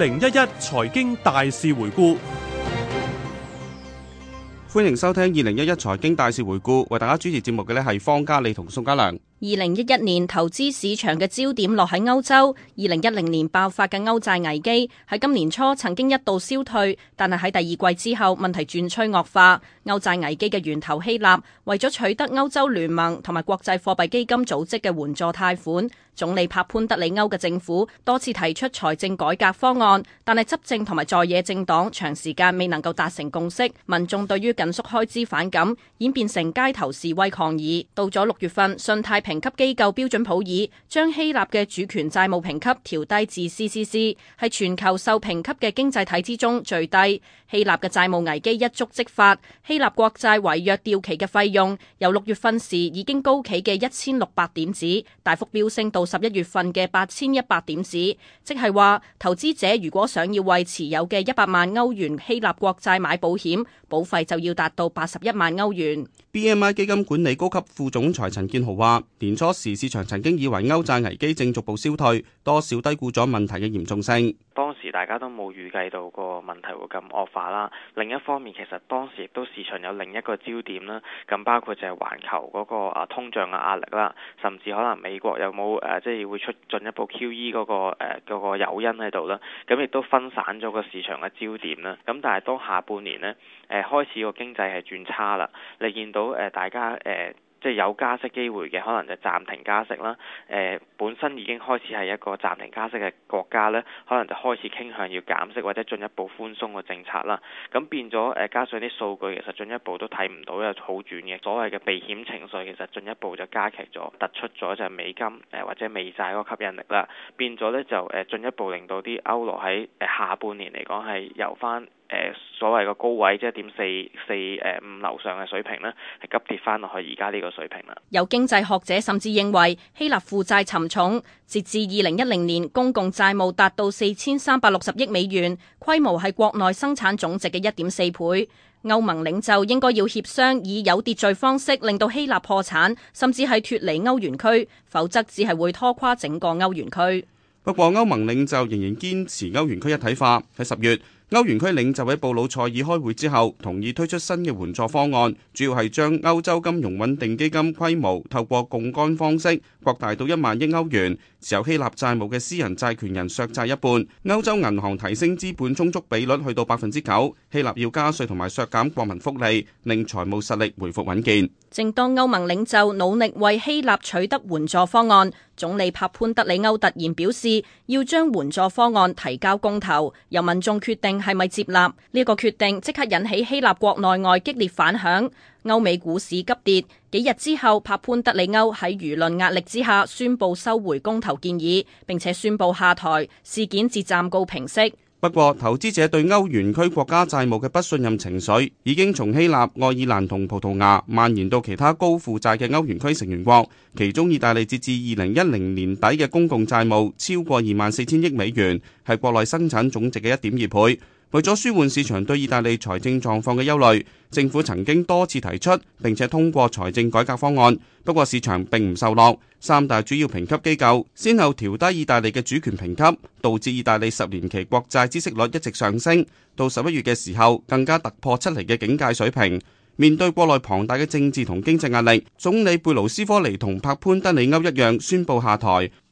二零一一財經大事回顧，歡迎收聽二零一一財經大事回顧，為大家主持節目嘅呢係方嘉利同宋嘉良。二零一一年投資市場嘅焦點落喺歐洲。二零一零年爆發嘅歐債危機喺今年初曾經一度消退，但係喺第二季之後問題轉趨惡化。歐債危機嘅源頭希臘為咗取得歐洲聯盟同埋國際貨幣基金組織嘅援助貸款，總理帕潘德里歐嘅政府多次提出財政改革方案，但係執政同埋在野政黨長時間未能夠達成共識，民眾對於緊縮開支反感，演變成街頭示威抗議。到咗六月份，信貸。評級機構標準普爾將希臘嘅主權債務評級調低至 CCC，係全球受評級嘅經濟體之中最低。希臘嘅債務危機一觸即發，希臘國債違約掉期嘅費用由六月份時已經高企嘅一千六百點子，大幅飆升到十一月份嘅八千一百點子，即係話投資者如果想要為持有嘅一百萬歐元希臘國債買保險，保費就要達到八十一萬歐元。BMI 基金管理高級副總裁陳建豪話。年初時，市場曾經以為歐債危機正逐步消退，多少低估咗問題嘅嚴重性。當時大家都冇預計到個問題會咁惡化啦。另一方面，其實當時亦都市場有另一個焦點啦，咁包括就係環球嗰個啊通脹嘅壓力啦，甚至可能美國有冇誒，即、就、係、係、會出進一步 QE 嗰、嗰個誒嗰、呃嗰個誘因喺度啦。咁亦都分散咗個市場嘅焦點啦。咁但係當下半年呢，誒、呃、開始個經濟係轉差啦。你見到誒、呃、大家誒。呃即係有加息機會嘅，可能就暫停加息啦。誒、呃、本身已經開始係一個暫停加息嘅國家呢，可能就開始傾向要減息或者進一步寬鬆嘅政策啦。咁變咗誒、呃，加上啲數據其實進一步都睇唔到有好轉嘅，所謂嘅避險情緒其實進一步就加劇咗，突出咗就係美金誒、呃、或者美債嗰個吸引力啦。變咗呢，就誒進、呃、一步令到啲歐羅喺下半年嚟講係由翻。誒所謂嘅高位，即係一點四四誒五樓上嘅水平呢，係急跌翻落去而家呢個水平啦。有經濟學者甚至認為希臘負債沉重，截至二零一零年，公共債務達到四千三百六十億美元，規模係國內生產總值嘅一點四倍。歐盟領袖應該要協商，以有秩序方式令到希臘破產，甚至係脫離歐元區，否則只係會拖垮整個歐元區。不過，歐盟領袖仍然堅持歐元區一體化，喺十月，歐元區領袖喺布魯塞爾開會之後，同意推出新嘅援助方案，主要係將歐洲金融穩定基金規模透過槓桿方式擴大到一萬億歐元，持有希臘債務嘅私人債權人削債一半，歐洲銀行提升資本充足比率去到百分之九，希臘要加稅同埋削減國民福利，令財務實力回復穩健。正當歐盟領袖努力為希臘取得援助方案，總理帕潘德里歐突然表示要將援助方案提交公投，由民眾決定係咪接納。呢個決定即刻引起希臘國內外激烈反響，歐美股市急跌。幾日之後，帕潘德里歐喺輿論壓力之下宣布收回公投建議，並且宣布下台，事件至暫告平息。不過，投資者對歐元區國家債務嘅不信任情緒已經從希臘、愛爾蘭同葡萄牙蔓延到其他高負債嘅歐元區成員國，其中意大利截至二零一零年底嘅公共債務超過二萬四千億美元，係國內生產總值嘅一點二倍。為咗舒緩市場對意大利財政狀況嘅憂慮，政府曾經多次提出，並且通過財政改革方案。不過市場並唔受落，三大主要評級機構先後調低意大利嘅主權評級，導致意大利十年期國債息率一直上升。到十一月嘅時候，更加突破七厘嘅警戒水平。面對國內龐大嘅政治同經濟壓力，總理貝盧斯科尼同帕潘德里歐一樣宣布下台。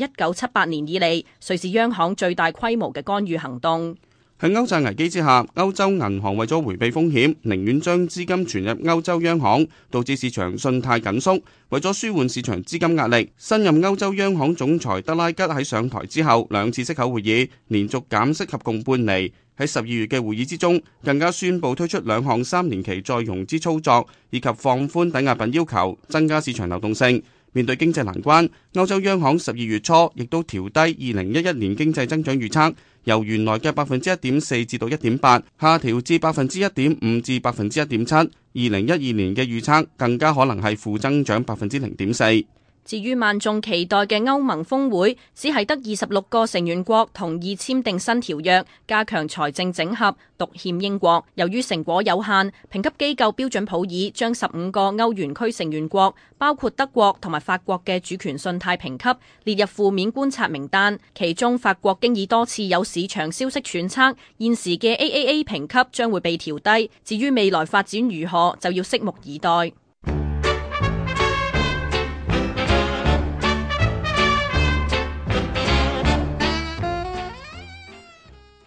一九七八年以嚟，瑞士央行最大規模嘅干預行動。喺歐債危機之下，歐洲銀行為咗回避風險，寧願將資金存入歐洲央行，導致市場信貸緊縮，為咗舒緩市場資金壓力，新任歐洲央行總裁德拉吉喺上台之後兩次息口會議，連續減息合共半釐。喺十二月嘅會議之中，更加宣布推出兩項三年期再融資操作，以及放寬抵押品要求，增加市場流動性。面對經濟難關，歐洲央行十二月初亦都調低二零一一年經濟增長預測，由原來嘅百分之一點四至到一點八，下調至百分之一點五至百分之一點七。二零一二年嘅預測更加可能係負增長百分之零點四。至於萬眾期待嘅歐盟峰會，只係得二十六個成員國同意簽訂新條約，加強財政整合，獨欠英國。由於成果有限，評級機構標準普爾將十五個歐元區成員國，包括德國同埋法國嘅主權信貸評級列入負面觀察名單。其中法國經已多次有市場消息揣測，現時嘅 AAA 評級將會被調低。至於未來發展如何，就要拭目以待。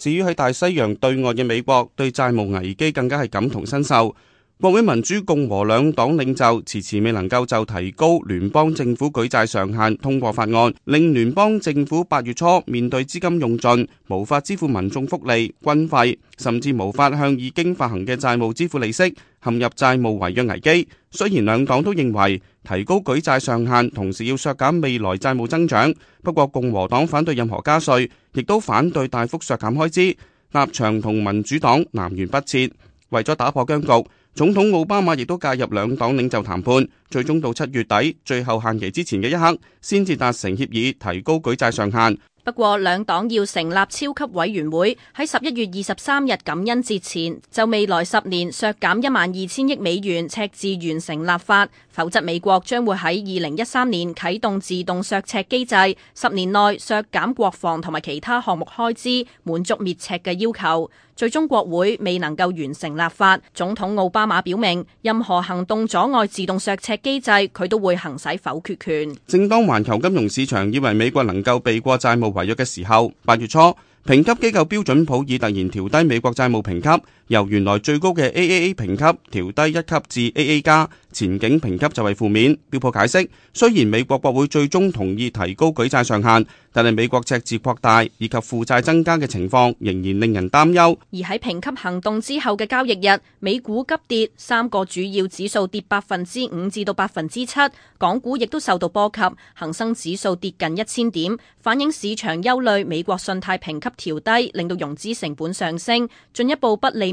至於喺大西洋對岸嘅美國，對債務危機更加係感同身受。國會民主共和兩黨領袖遲遲未能夠就提高聯邦政府舉債上限通過法案，令聯邦政府八月初面對資金用盡，無法支付民眾福利、軍費，甚至無法向已經發行嘅債務支付利息，陷入債務違約危機。雖然兩黨都認為，提高舉債上限，同時要削減未來債務增長。不過共和黨反對任何加稅，亦都反對大幅削減開支，立場同民主黨南轅北轍。為咗打破僵局，總統奧巴馬亦都介入兩黨領袖談判，最終到七月底，最後限期之前嘅一刻，先至達成協議，提高舉債上限。不過，兩黨要成立超級委員會，喺十一月二十三日感恩節前，就未來十年削減一萬二千億美元赤字完成立法，否則美國將會喺二零一三年啟動自動削赤機制，十年內削減國防同埋其他項目開支，滿足滅赤嘅要求。最終國會未能夠完成立法，總統奧巴馬表明，任何行動阻礙自動削赤機制，佢都會行使否決權。正當環球金融市場以為美國能夠避過債務違約嘅時候，八月初，評級機構標準普爾突然調低美國債務評級。，由原來最高嘅 AAA 評級調低一級至 AA 加，前景評級就係負面。標普解釋，雖然美國國會最終同意提高舉債上限，但係美國赤字擴大以及負債增加嘅情況仍然令人擔憂。而喺評級行動之後嘅交易日，美股急跌，三個主要指數跌百分之五至到百分之七，港股亦都受到波及，恒生指數跌近一千點，反映市場憂慮美國信貸評級調低，令到融資成本上升，進一步不利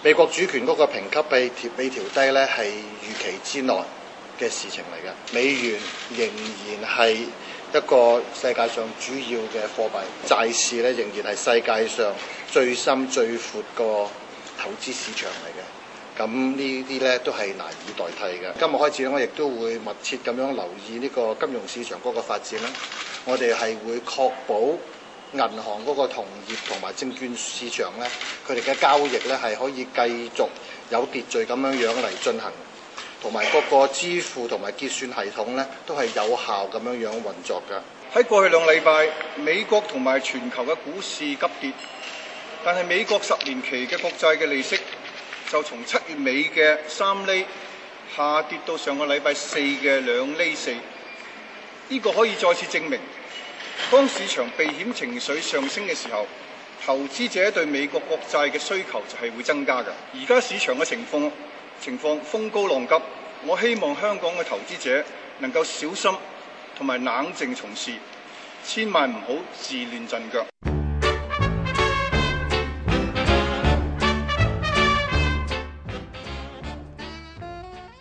美國主權嗰個評級被調被調低咧，係預期之內嘅事情嚟嘅。美元仍然係一個世界上主要嘅貨幣，債市咧仍然係世界上最深最闊個投資市場嚟嘅。咁呢啲咧都係難以代替嘅。今日開始咧，我亦都會密切咁樣留意呢個金融市場嗰個發展啦。我哋係會確保，銀行嗰個同業同埋證券市場咧，佢哋嘅交易咧係可以繼續有秩序咁樣樣嚟進行，同埋各個支付同埋結算系統咧都係有效咁樣樣運作嘅。喺過去兩禮拜，美國同埋全球嘅股市急跌，但係美國十年期嘅國債嘅利息就從七月尾嘅三厘下跌到上個禮拜四嘅兩厘四，呢、這個可以再次證明。當市場避險情緒上升嘅時候，投資者對美國國債嘅需求就係會增加嘅。而家市場嘅情況情況風高浪急，我希望香港嘅投資者能夠小心同埋冷靜從事，千萬唔好自亂陣腳。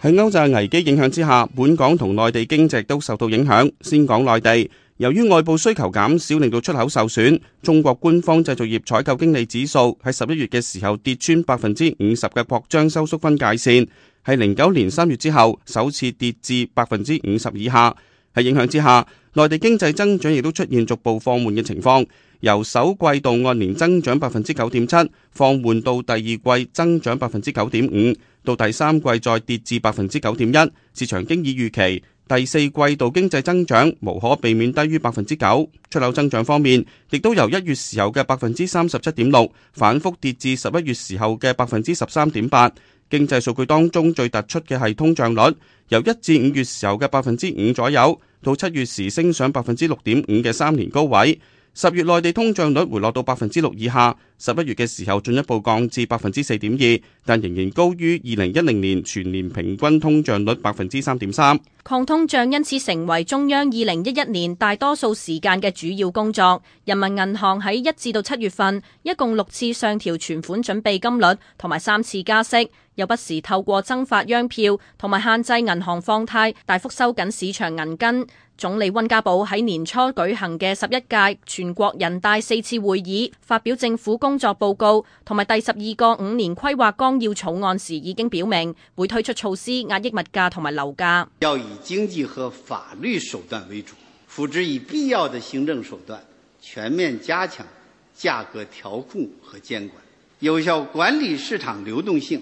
喺歐債危機影響之下，本港同內地經濟都受到影響。先講內地。由於外部需求減少，令到出口受損。中國官方製造業採購經理指數喺十一月嘅時候跌穿百分之五十嘅擴張收縮分界線，係零九年三月之後首次跌至百分之五十以下。喺影響之下，內地經濟增長亦都出現逐步放緩嘅情況，由首季度按年增長百分之九點七，放緩到第二季增長百分之九點五，到第三季再跌至百分之九點一。市場經已預期。第四季度經濟增長無可避免低於百分之九。出口增長方面，亦都由一月時候嘅百分之三十七點六，反復跌至十一月時候嘅百分之十三點八。經濟數據當中最突出嘅係通脹率，由一至五月時候嘅百分之五左右，到七月時升上百分之六點五嘅三年高位。十月內地通脹率回落到百分之六以下，十一月嘅時候進一步降至百分之四點二，但仍然高於二零一零年全年平均通脹率百分之三點三。抗通脹因此成為中央二零一一年大多數時間嘅主要工作。人民銀行喺一至到七月份一共六次上調存款準備金率，同埋三次加息。又不時透過增發央票同埋限制銀行放貸，大幅收緊市場銀根。總理温家寶喺年初舉行嘅十一屆全國人大四次會議發表政府工作報告同埋第十二個五年規劃綱要草案時，已經表明會推出措施壓抑物價同埋樓價。要以經濟和法律手段為主，輔之以必要的行政手段，全面加強價格調控和監管，有效管理市場流動性。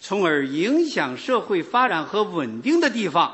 從而影響社會發展和穩定的地方，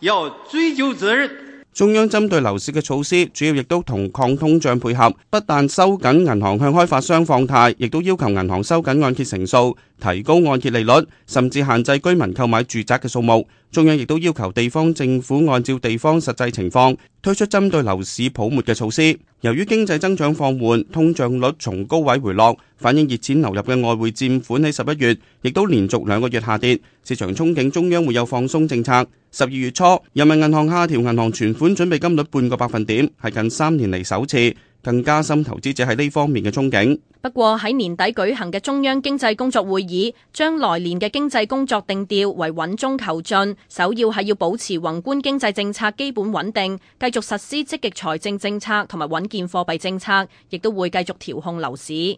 要追究責任。中央針對樓市嘅措施，主要亦都同抗通脹配合，不但收緊銀行向開發商放貸，亦都要求銀行收緊按揭成數，提高按揭利率，甚至限制居民購買住宅嘅數目。中央亦都要求地方政府按照地方實際情況，推出針對樓市泡沫嘅措施。由於經濟增長放緩，通脹率從高位回落，反映熱錢流入嘅外匯佔款喺十一月亦都連續兩個月下跌。市場憧憬中央會有放鬆政策。十二月初，人民銀行下調銀行存款準備金率半個百分點，係近三年嚟首次。更加深投資者喺呢方面嘅憧憬。不過喺年底舉行嘅中央經濟工作會議，將來年嘅經濟工作定調為穩中求進，首要係要保持宏觀經濟政策基本穩定，繼續實施積極財政政策同埋穩健貨幣政策，亦都會繼續調控樓市。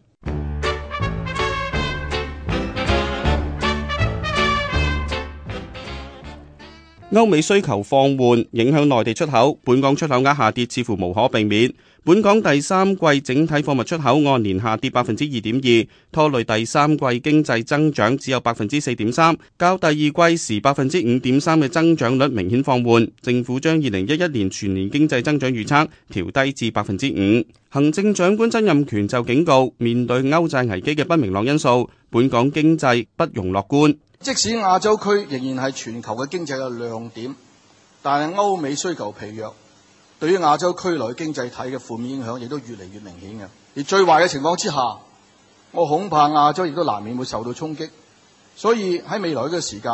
歐美需求放緩，影響內地出口，本港出口額下跌，似乎無可避免。本港第三季整體貨物出口按年下跌百分之二點二，拖累第三季經濟增長只有百分之四點三，較第二季時百分之五點三嘅增長率明顯放緩。政府將二零一一年全年經濟增長預測調低至百分之五。行政長官曾蔭權就警告，面對歐債危機嘅不明朗因素，本港經濟不容樂觀。即使亞洲區仍然係全球嘅經濟嘅亮點，但係歐美需求疲弱。對於亞洲區內經濟體嘅負面影響，亦都越嚟越明顯嘅。而最壞嘅情況之下，我恐怕亞洲亦都難免會受到衝擊。所以喺未來嘅時間，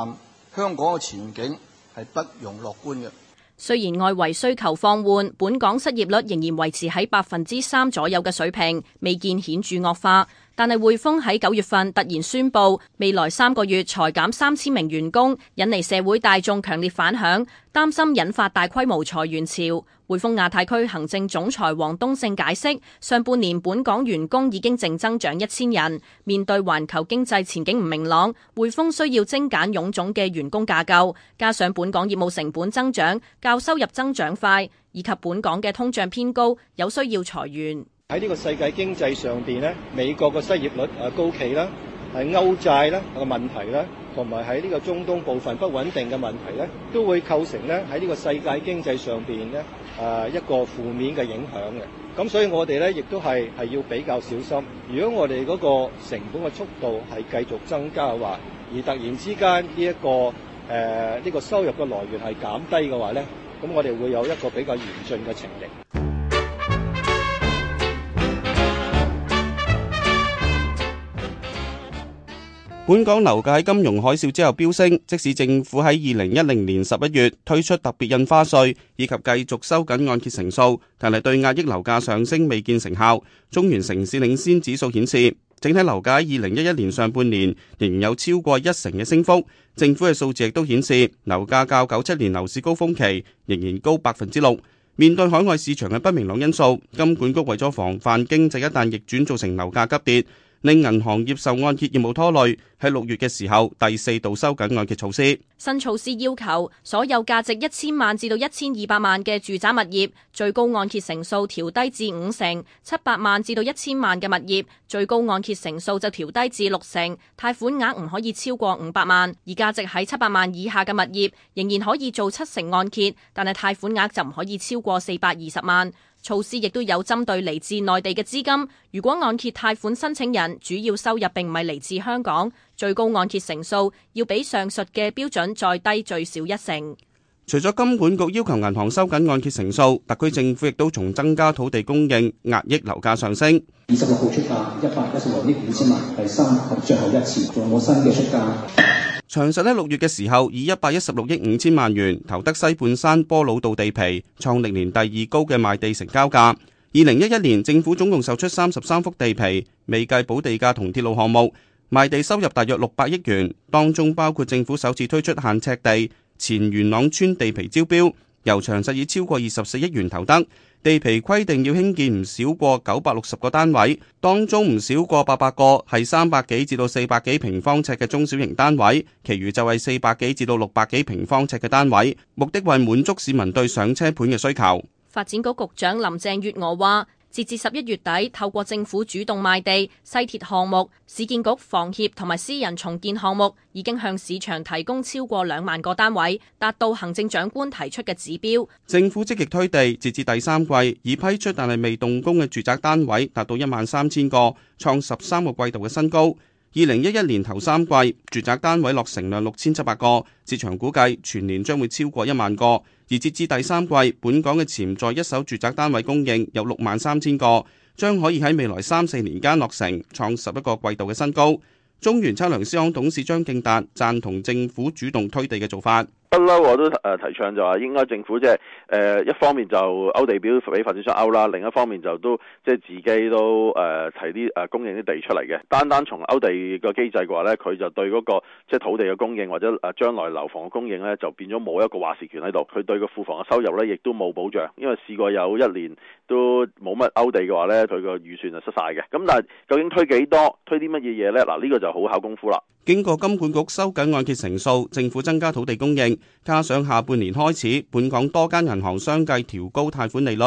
香港嘅前景係不容樂觀嘅。雖然外圍需求放緩，本港失業率仍然維持喺百分之三左右嘅水平，未見顯著惡化。但係匯豐喺九月份突然宣布，未來三個月裁減三千名員工，引嚟社會大眾強烈反響，擔心引發大規模裁員潮。匯豐亞太區行政總裁王東勝解釋，上半年本港員工已經淨增長一千人，面對環球經濟前景唔明朗，匯豐需要精簡臃腫嘅員工架構，加上本港業務成本增長較收入增長快，以及本港嘅通脹偏高，有需要裁員。喺呢個世界經濟上邊咧，美國嘅失業率誒高企啦，係歐債啦個問題啦，同埋喺呢個中東部分不穩定嘅問題咧，都會構成咧喺呢個世界經濟上邊咧誒一個負面嘅影響嘅。咁所以我哋咧亦都係係要比較小心。如果我哋嗰個成本嘅速度係繼續增加嘅話，而突然之間呢一個誒呢個收入嘅來源係減低嘅話咧，咁我哋會有一個比較嚴峻嘅情形。本港樓價喺金融海嘯之後飆升，即使政府喺二零一零年十一月推出特別印花稅以及繼續收緊按揭成數，但係對壓抑樓價上升未見成效。中原城市領先指數顯示，整體樓價喺二零一一年上半年仍然有超過一成嘅升幅。政府嘅數字亦都顯示，樓價較九七年樓市高峰期仍然高百分之六。面對海外市場嘅不明朗因素，金管局為咗防範經濟一旦逆轉造成樓價急跌。令銀行業受按揭業務拖累，喺六月嘅時候第四度收緊按揭措施。新措施要求所有價值一千萬至到一千二百萬嘅住宅物業，最高按揭成數調低至五成；七百萬至到一千萬嘅物業，最高按揭成數就調低至六成。貸款額唔可以超過五百萬，而價值喺七百萬以下嘅物業仍然可以做七成按揭，但係貸款額就唔可以超過四百二十萬。措施亦都有針對嚟自內地嘅資金。如果按揭貸款申請人主要收入並唔係嚟自香港，最高按揭成數要比上述嘅標準再低最少一成。除咗金管局要求銀行收緊按揭成數，特區政府亦都從增加土地供應壓抑樓價上升。二十六號出價一百一十六億五千萬，第三及最後一次，仲有冇新嘅出價？長實喺六月嘅時候，以一百一十六億五千萬元投得西半山波魯道地皮，創歷年第二高嘅賣地成交價。二零一一年政府總共售出三十三幅地皮，未計補地價同鐵路項目，賣地收入大約六百億元，當中包括政府首次推出限尺地前元朗村地皮招標。由長實以超過二十四億元投得地皮，規定要興建唔少過九百六十個單位，當中唔少過八百個係三百幾至到四百幾平方尺嘅中小型單位，其餘就係四百幾至到六百幾平方尺嘅單位，目的為滿足市民對上車盤嘅需求。發展局局長林鄭月娥話。截至十一月底，透過政府主動賣地、西鐵項目、市建局房協同埋私人重建項目，已經向市場提供超過兩萬個單位，達到行政長官提出嘅指標。政府積極推地，截至第三季，已批出但係未動工嘅住宅單位達到一萬三千個，創十三個季度嘅新高。二零一一年頭三季，住宅單位落成量六千七百個，市場估計全年將會超過一萬個。而截至第三季，本港嘅潛在一手住宅單位供應有六萬三千個，將可以喺未來三四年間落成，創十一個季度嘅新高。中原測量師行董事張敬達贊同政府主動推地嘅做法。不嬲，我都誒提倡就話應該政府即係誒一方面就勾地表俾發展商勾啦，out, 另一方面就都即係自己都誒、呃、提啲誒供應啲地出嚟嘅。單單從勾地個機制嘅話咧，佢就對嗰、那個即係土地嘅供應或者誒將來樓房嘅供應咧，就變咗冇一個話事權喺度。佢對個庫房嘅收入咧，亦都冇保障。因為試過有一年都冇乜勾地嘅話咧，佢個預算就失晒嘅。咁但係究竟推幾多？推啲乜嘢嘢咧？嗱，呢個就好考功夫啦。經過金管局收緊按揭成數，政府增加土地供應，加上下半年開始，本港多間銀行相繼調高貸款利率，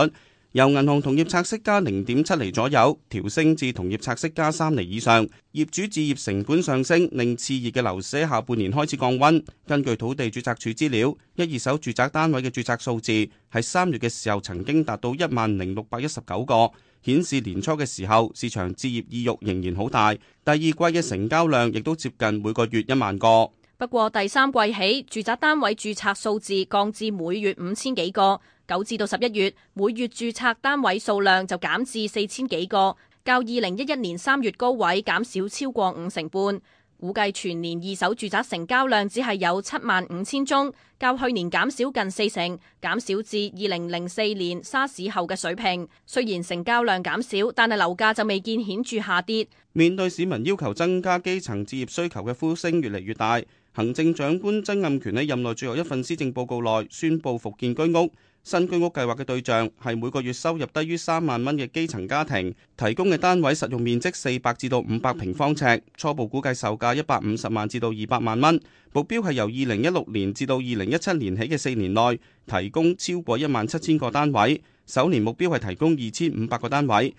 由銀行同業拆息加零點七厘左右，調升至同業拆息加三厘以上，業主置業成本上升，令熾熱嘅樓市喺下半年開始降溫。根據土地註冊處資料，一二手住宅單位嘅註冊數字喺三月嘅時候曾經達到一萬零六百一十九個。顯示年初嘅時候，市場置業意欲仍然好大，第二季嘅成交量亦都接近每個月一萬個。不過第三季起，住宅單位註冊數字降至每月五千幾個，九至到十一月，每月註冊單位數量就減至四千幾個，較二零一一年三月高位減少超過五成半。估計全年二手住宅成交量只係有七萬五千宗，較去年減少近四成，減少至二零零四年沙士後嘅水平。雖然成交量減少，但係樓價就未見顯著下跌。面對市民要求增加基層置業需求嘅呼聲越嚟越大，行政長官曾蔭權喺任內最後一份施政報告內宣布復建居屋。新居屋計劃嘅對象係每個月收入低於三萬蚊嘅基層家庭，提供嘅單位實用面積四百至到五百平方尺，初步估計售、售價一百五十萬至到二百萬蚊。目標係由二零一六年至到二零一七年起嘅四年內，提供超過一萬七千個單位，首年目標係提供二千五百個單位。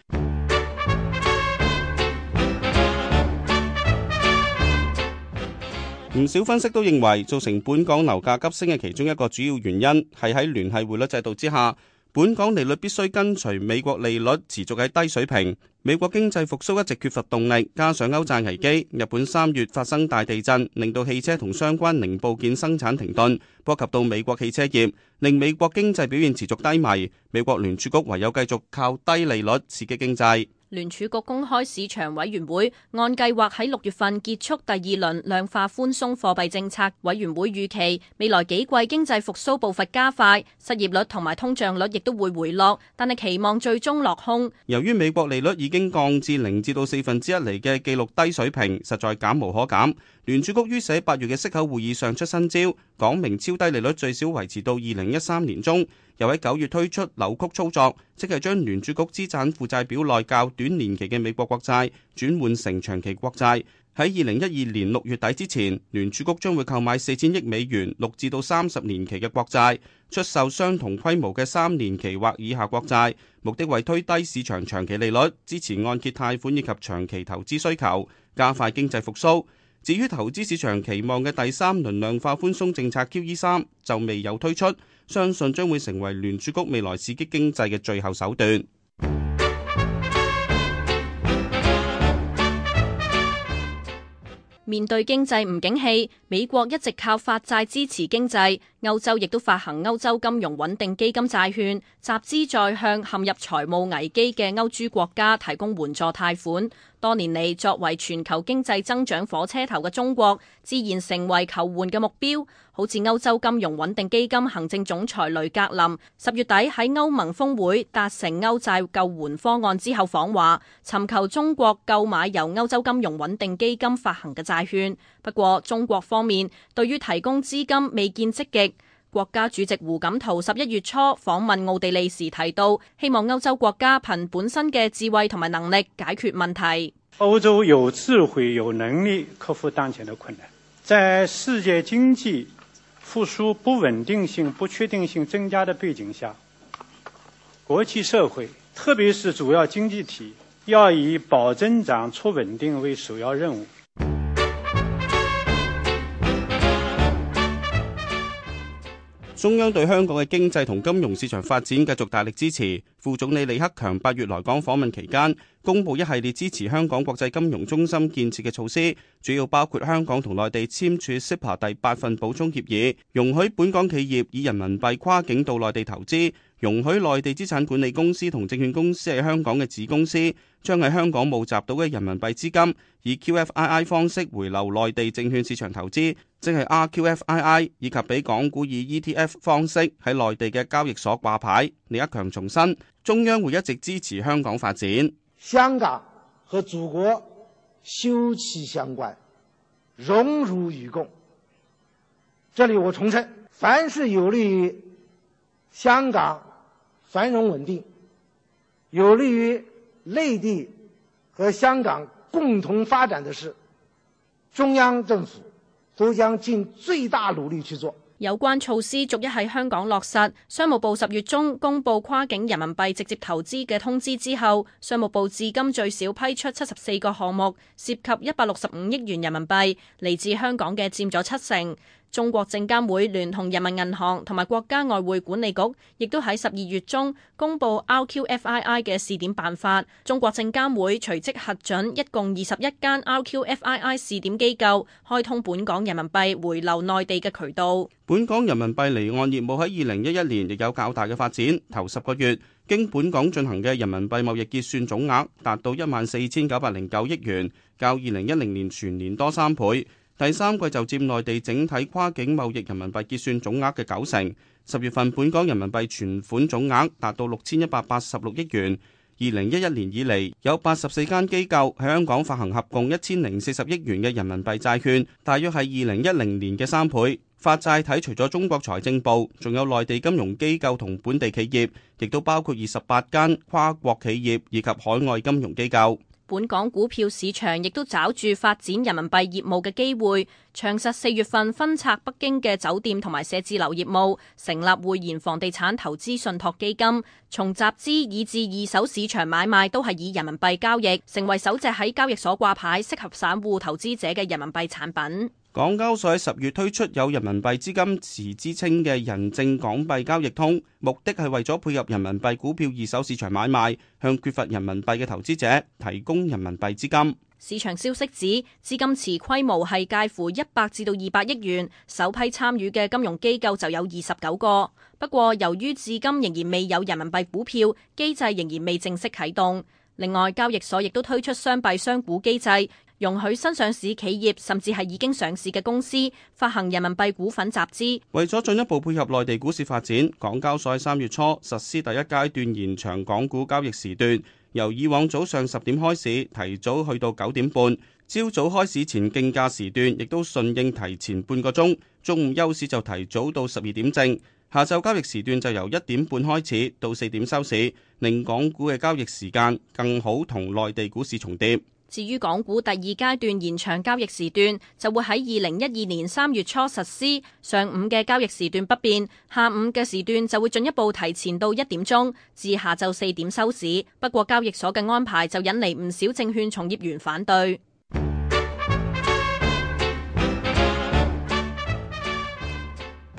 唔少分析都認為，造成本港樓價急升嘅其中一個主要原因，係喺聯繫匯率制度之下，本港利率必須跟隨美國利率持續喺低水平。美國經濟復蘇一直缺乏動力，加上歐債危機、日本三月發生大地震，令到汽車同相關零部件生產停頓，波及到美國汽車業，令美國經濟表現持續低迷。美國聯儲局唯有繼續靠低利率刺激經濟。聯儲局公開市場委員會按計劃喺六月份結束第二輪量化寬鬆貨幣政策。委員會預期未來幾季經濟復甦步伐加快，失業率同埋通脹率亦都會回落，但係期望最終落空。由於美國利率已經降至零至到四分之一厘嘅紀錄低水平，實在減無可減。聯儲局於喺八月嘅息口會議上出新招，講明超低利率最少維持到二零一三年中。又喺九月推出扭曲操作，即係將聯儲局資產負債表內較短年期嘅美國國債轉換成長期國債。喺二零一二年六月底之前，聯儲局將會購買四千億美元六至到三十年期嘅國債，出售相同規模嘅三年期或以下國債，目的為推低市場長期利率，支持按揭貸款以及長期投資需求，加快經濟復蘇。至於投資市場期望嘅第三輪量化寬鬆政策 QE3 就未有推出，相信將會成為聯儲局未來刺激經濟嘅最後手段。面對經濟唔景氣，美國一直靠發債支持經濟。歐洲亦都發行歐洲金融穩定基金債券，集資再向陷入財務危機嘅歐豬國家提供援助貸款。多年嚟作為全球經濟增長火車頭嘅中國，自然成為求援嘅目標。好似歐洲金融穩定基金行政總裁雷格林，十月底喺歐盟峰會達成歐債救援方案之後訪華，尋求中國購買由歐洲金融穩定基金發行嘅債券。不過中國方面對於提供資金未見積極。國家主席胡錦濤十一月初訪問奧地利時提到，希望歐洲國家憑本身嘅智慧同埋能力解決問題。歐洲有智慧、有能力克服當前嘅困難。在世界經濟復蘇不穩定性、不確定性增加的背景下，國際社會特別是主要經濟體要以保增長、促穩定為首要任務。中央對香港嘅經濟同金融市場發展繼續大力支持。副總理李克強八月來港訪問期間，公布一系列支持香港國際金融中心建設嘅措施，主要包括香港同內地簽署 CEPA 第八份補充協議，容許本港企業以人民幣跨境到內地投資。容許內地資產管理公司同證券公司喺香港嘅子公司，將喺香港募集到嘅人民幣資金，以 QFII 方式回流內地證券市場投資，即係 RQFII，以及俾港股以 ETF 方式喺內地嘅交易所掛牌。李克強重申，中央會一直支持香港發展。香港和祖國休戚相關，榮辱與共。這裏我重申，凡是有利於香港。繁榮穩定，有利於內地和香港共同發展的事，中央政府都將盡最大努力去做。有關措施逐一喺香港落實。商務部十月中公布跨境人民幣直接投資嘅通知之後，商務部至今最少批出七十四個項目，涉及一百六十五億元人民幣，嚟自香港嘅佔咗七成。中國證監會聯同人民銀行同埋國家外匯管理局，亦都喺十二月中公布 RQFII 嘅試點辦法。中國證監會隨即核准一共二十一間 RQFII 試點機構開通本港人民幣回流內地嘅渠道。本港人民幣離岸業務喺二零一一年亦有較大嘅發展。頭十個月，經本港進行嘅人民幣貿易結算總額達到一萬四千九百零九億元，較二零一零年全年多三倍。第三季就佔內地整體跨境貿易人民幣結算總額嘅九成。十月份本港人民幣存款總額達到六千一百八十六億元。二零一一年以嚟，有八十四間機構喺香港發行合共一千零四十億元嘅人民幣債券，大約係二零一零年嘅三倍。發債體除咗中國財政部，仲有內地金融機構同本地企業，亦都包括二十八間跨國企業以及海外金融機構。本港股票市場亦都找住發展人民幣業務嘅機會，長實四月份分拆北京嘅酒店同埋寫字樓業務，成立匯賢房地產投資信託基金，從集資以至二手市場買賣都係以人民幣交易，成為首隻喺交易所掛牌適合散戶投資者嘅人民幣產品。港交所喺十月推出有人民幣資金池之稱嘅人證港幣交易通，目的係為咗配合人民幣股票二手市場買賣，向缺乏人民幣嘅投資者提供人民幣資金。市場消息指資金池規模係介乎一百至到二百億元，首批參與嘅金融機構就有二十九個。不過由於至今仍然未有人民幣股票機制，仍然未正式啟動。另外交易所亦都推出雙幣雙股機制。容許新上市企業甚至係已經上市嘅公司發行人民幣股份集資。為咗進一步配合內地股市發展，港交所喺三月初實施第一階段延長港股交易時段，由以往早上十點開市提早去到九點半。朝早開市前競價時段亦都順應提前半個鐘，中午休市就提早到十二點正。下晝交易時段就由一點半開始到四點收市，令港股嘅交易時間更好同內地股市重疊。至於港股第二階段延長交易時段，就會喺二零一二年三月初實施。上午嘅交易時段不變，下午嘅時段就會進一步提前到一點鐘至下晝四點收市。不過，交易所嘅安排就引嚟唔少證券從業員反對。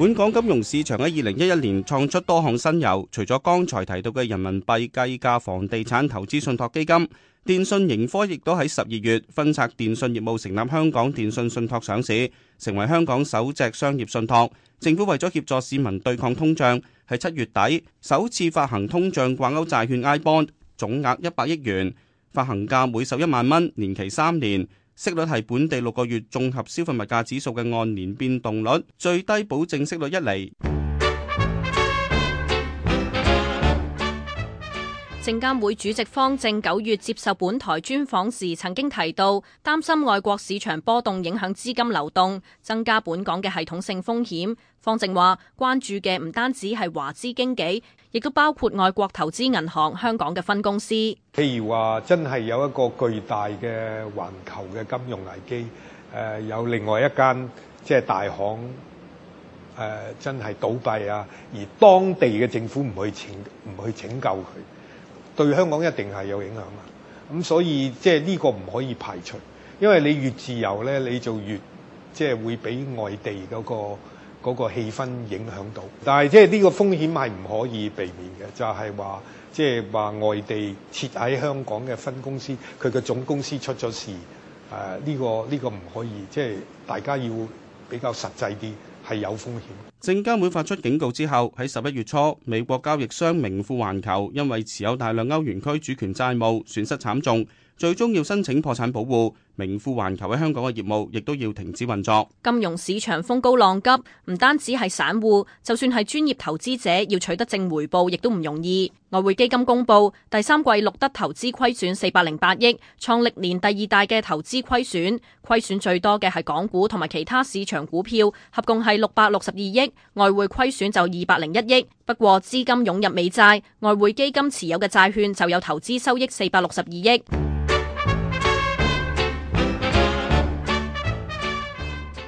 本港金融市場喺二零一一年創出多項新猷，除咗剛才提到嘅人民幣計價房地產投資信託基金，電信盈科亦都喺十二月分拆電信業務成立香港電信信託上市，成為香港首隻商業信託。政府為咗協助市民對抗通脹，喺七月底首次發行通脹掛鈎債券 I bond，總額一百億元，發行價每手一萬蚊，年期三年。息率係本地六個月綜合消費物價指數嘅按年變動率，最低保證息率一厘，證 監會主席方正九月接受本台專訪時曾經提到，擔心外國市場波動影響資金流動，增加本港嘅系統性風險。方正話關注嘅唔單止係華資經紀。亦都包括外國投資銀行香港嘅分公司。譬如話真係有一個巨大嘅環球嘅金融危機，誒、呃，有另外一間即係大行誒、呃，真係倒閉啊！而當地嘅政府唔去拯唔去拯救佢，對香港一定係有影響啊！咁、嗯、所以即係呢個唔可以排除，因為你越自由咧，你就越即係會俾外地嗰個。嗰個氣氛影響到，但係即係呢個風險係唔可以避免嘅，就係話即係話外地設喺香港嘅分公司，佢嘅總公司出咗事，誒，呢個呢個唔可以，即係大家要比較實際啲係有風險。證監會發出警告之後，喺十一月初，美國交易商名富環球因為持有大量歐元區主權債務，損失慘重。最終要申請破產保護，名富環球喺香港嘅業務亦都要停止運作。金融市場風高浪急，唔單止係散戶，就算係專業投資者要取得正回報，亦都唔容易。外匯基金公布第三季錄得投資虧損四百零八億，創歷年第二大嘅投資虧損。虧損最多嘅係港股同埋其他市場股票，合共係六百六十二億。外匯虧損就二百零一億。不過資金湧入美債，外匯基金持有嘅債券就有投資收益四百六十二億。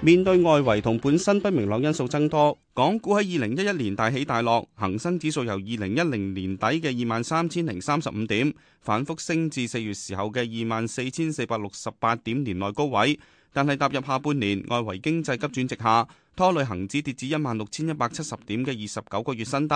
面對外圍同本身不明朗因素增多，港股喺二零一一年大起大落，恒生指數由二零一零年底嘅二萬三千零三十五點，反覆升至四月時候嘅二萬四千四百六十八點年內高位，但係踏入下半年，外圍經濟急轉直下，拖累恒指跌至一萬六千一百七十點嘅二十九個月新低，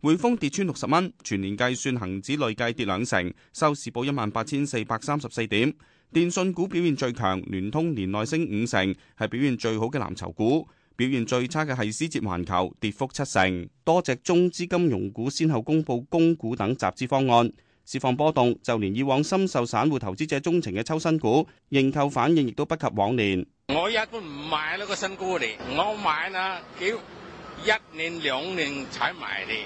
匯豐跌穿六十蚊，全年計算恒指累計跌兩成，收市報一萬八千四百三十四點。電信股表現最強，聯通年內升五成，係表現最好嘅藍籌股。表現最差嘅係思捷環球，跌幅七成。多隻中資金融股先後公布供股等集資方案，市況波動。就連以往深受散戶投資者鍾情嘅抽新股，認購反應亦都不及往年。我一般唔買呢個新股嚟，我買啦幾一年兩年踩埋啲，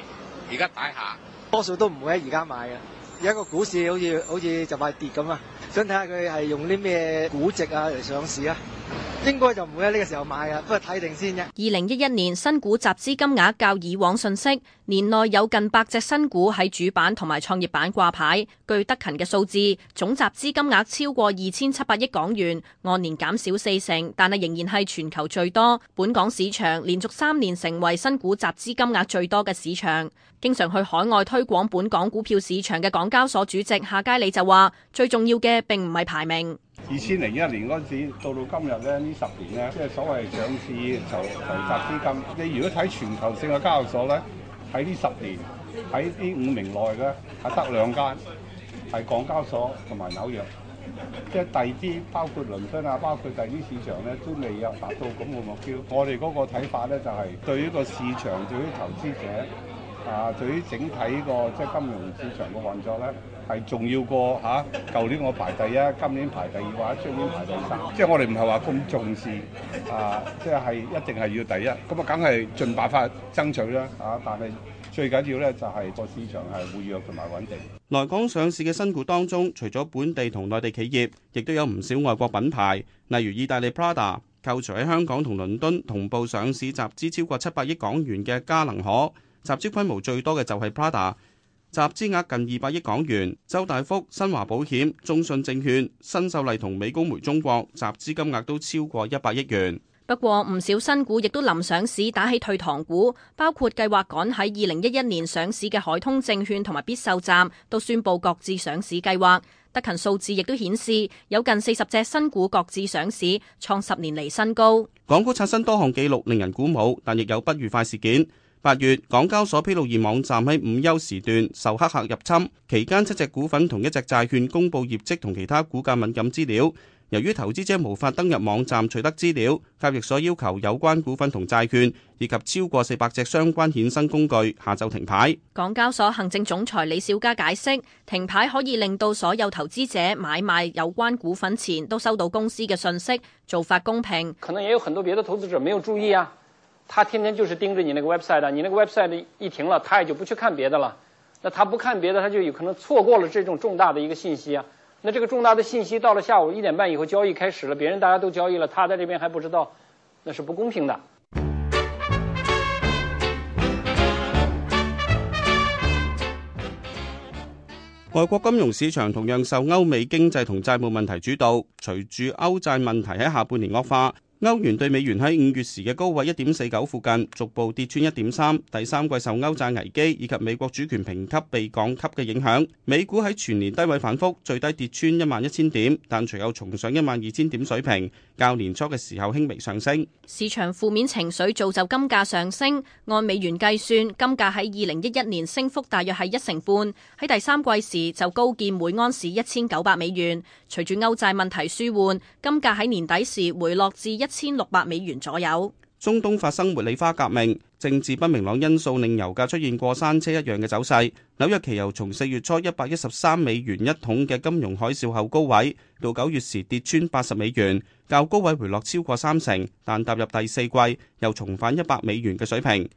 而家大下多數都唔會喺而家買啊。而家個股市好似好似就快跌咁啊！想睇下佢係用啲咩估值啊嚟上市啊？應該就唔會喺呢個時候買啊，不過睇定先啫。二零一一年新股集資金額較以往遜色，年內有近百隻新股喺主板同埋創業板掛牌。據德勤嘅數字，總集資金額超過二千七百億港元，按年減少四成，但係仍然係全球最多。本港市場連續三年成為新股集資金額最多嘅市場。經常去海外推廣本港股票市場嘅港交所主席夏佳理就話，最重要嘅並唔係排名。二千零一年嗰陣時，到到今日咧，呢十年咧，即係所謂上市就籌集資金。你如果睇全球性嘅交易所咧，喺呢十年喺呢五名內咧，係得兩間，係港交所同埋紐約。即係第二啲，包括倫敦啊，包括第二啲市場咧，都未有達到咁嘅目標。我哋嗰個睇法咧，就係、是、對於個市場，對於投資者啊，對於整體、這個即係、就是、金融市場嘅運作咧。係重要過嚇，舊年我排第一，今年排第二，或者出年排第三。即係我哋唔係話咁重視啊，即係一定係要第一。咁啊，梗係盡辦法爭取啦啊！但係最緊要咧就係個市場係活躍同埋穩定。來港上市嘅新股當中，除咗本地同內地企業，亦都有唔少外國品牌，例如意大利 Prada。扣除喺香港同倫敦同步上市集資超過七百億港元嘅嘉能可，集資規模最多嘅就係 Prada。集資額近二百億港元，周大福、新華保險、中信證券、新秀麗同美高梅中國集資金額都超過一百億元。不過唔少新股亦都臨上市打起退堂鼓，包括計劃趕喺二零一一年上市嘅海通證券同埋必瘦站，都宣布各自上市計劃。德勤數字亦都顯示，有近四十隻新股各自上市，創十年嚟新高。港股產生多項紀錄，令人鼓舞，但亦有不愉快事件。八月，港交所披露易網站喺午休時段受黑客入侵，期間七隻股份同一隻債券公布業績同其他股價敏感資料。由於投資者無法登入網站取得資料，交易所要求有關股份同債券以及超過四百隻相關衍生工具下晝停牌。港交所行政總裁李小加解釋，停牌可以令到所有投資者買賣有關股份前都收到公司嘅信息，做法公平。可能也有很多別的投資者沒有注意啊。他天天就是盯着你那個 website 的，你那個 website 的一停了，他也就不去看別的了。那他不看別的，他就有可能錯過了這種重大的一個信息啊。那這個重大的信息到了下午一點半以後交易開始了，別人大家都交易了，他在這邊還不知道，那是不公平的。外國金融市場同樣受歐美經濟同債務問題主導，隨住歐債問題喺下半年惡化。歐元兌美元喺五月時嘅高位一點四九附近，逐步跌穿一點三。第三季受歐債危機以及美國主權評級被降級嘅影響，美股喺全年低位反覆，最低跌穿一萬一千點，但隨後重上一萬二千點水平。較年初嘅時候輕微上升。市場負面情緒造就金價上升，按美元計算，金價喺二零一一年升幅大約係一成半。喺第三季時就高見每盎司一千九百美元。隨住歐債問題舒緩，金價喺年底時回落至一。千六百美元左右。中東發生茉莉花革命，政治不明朗因素令油價出現過山車一樣嘅走勢。紐約期油從四月初一百一十三美元一桶嘅金融海嘯後高位，到九月時跌穿八十美元，較高位回落超過三成。但踏入第四季，又重返一百美元嘅水平。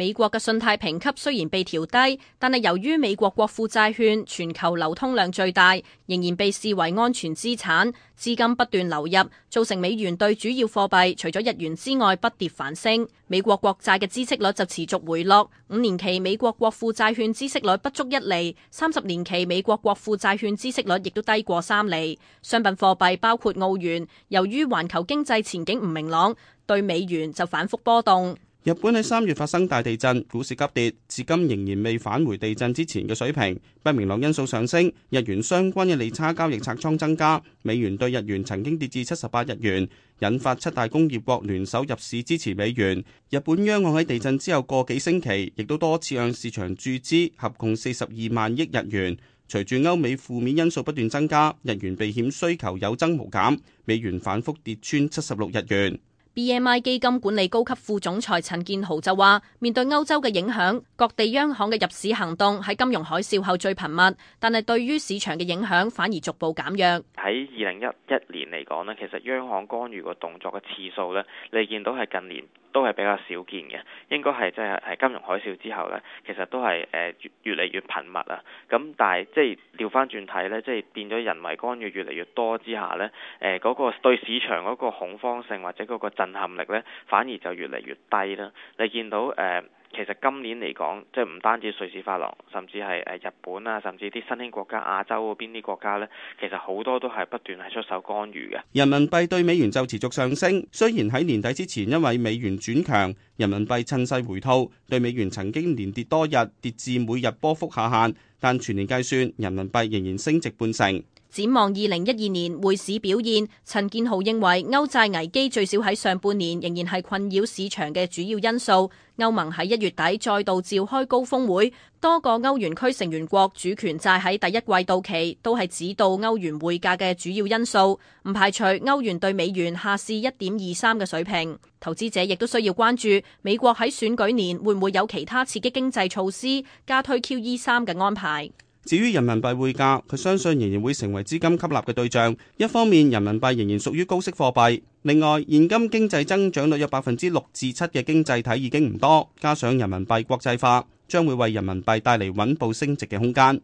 美國嘅信貸評級雖然被調低，但係由於美國國庫債券全球流通量最大，仍然被視為安全資產，資金不斷流入，造成美元對主要貨幣除咗日元之外不跌反升。美國國債嘅孳息率就持續回落，五年期美國國庫債券孳息率不足一厘，三十年期美國國庫債券孳息率亦都低過三厘。商品貨幣包括澳元，由於環球經濟前景唔明朗，對美元就反覆波動。日本喺三月發生大地震，股市急跌，至今仍然未返回地震之前嘅水平。不明朗因素上升，日元相關嘅利差交易拆倉增加，美元對日元曾經跌至七十八日元，引發七大工業國聯手入市支持美元。日本央行喺地震之後個幾星期，亦都多次向市場注資，合共四十二萬億日元。隨住歐美負面因素不斷增加，日元避險需求有增無減，美元反復跌穿七十六日元。B.M.I. 基金管理高級副總裁陳建豪就話，面對歐洲嘅影響，各地央行嘅入市行動喺金融海嘯後最頻密，但係對於市場嘅影響反而逐步減弱。喺二零一一年嚟講呢，其實央行干預個動作嘅次數呢，你見到係近年都係比較少見嘅，應該係即係係金融海嘯之後呢，其實都係誒越嚟越頻密啊。咁但係即係調翻轉睇呢，即係變咗人為干預越嚟越多之下呢，誒、那、嗰個對市場嗰個恐慌性或者嗰個。震撼力咧，反而就越嚟越低啦。你見到誒，其實今年嚟講，即係唔單止瑞士法郎，甚至係誒日本啊，甚至啲新興國家、亞洲嗰邊啲國家咧，其實好多都係不斷係出手干預嘅。人民幣對美元就持續上升，雖然喺年底之前因為美元轉強，人民幣趁勢回吐，對美元曾經連跌多日，跌至每日波幅下限，但全年計算，人民幣仍然升值半成。展望二零一二年匯市表現，陳建豪認為歐債危機最少喺上半年仍然係困擾市場嘅主要因素。歐盟喺一月底再度召開高峰會，多個歐元區成員國主權債喺第一季到期，都係指導歐元匯價嘅主要因素。唔排除歐元對美元下試一點二三嘅水平。投資者亦都需要關注美國喺選舉年會唔會有其他刺激經濟措施加推 QE 三嘅安排。至於人民幣匯價，佢相信仍然會成為資金吸納嘅對象。一方面，人民幣仍然屬於高息貨幣；另外，現今經濟增長率有百分之六至七嘅經濟體已經唔多，加上人民幣國際化，將會為人民幣帶嚟穩步升值嘅空間。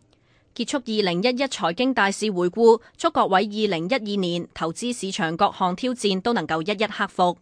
結束二零一一財經大事回顧，祝各位二零一二年投資市場各項挑戰都能夠一一克服。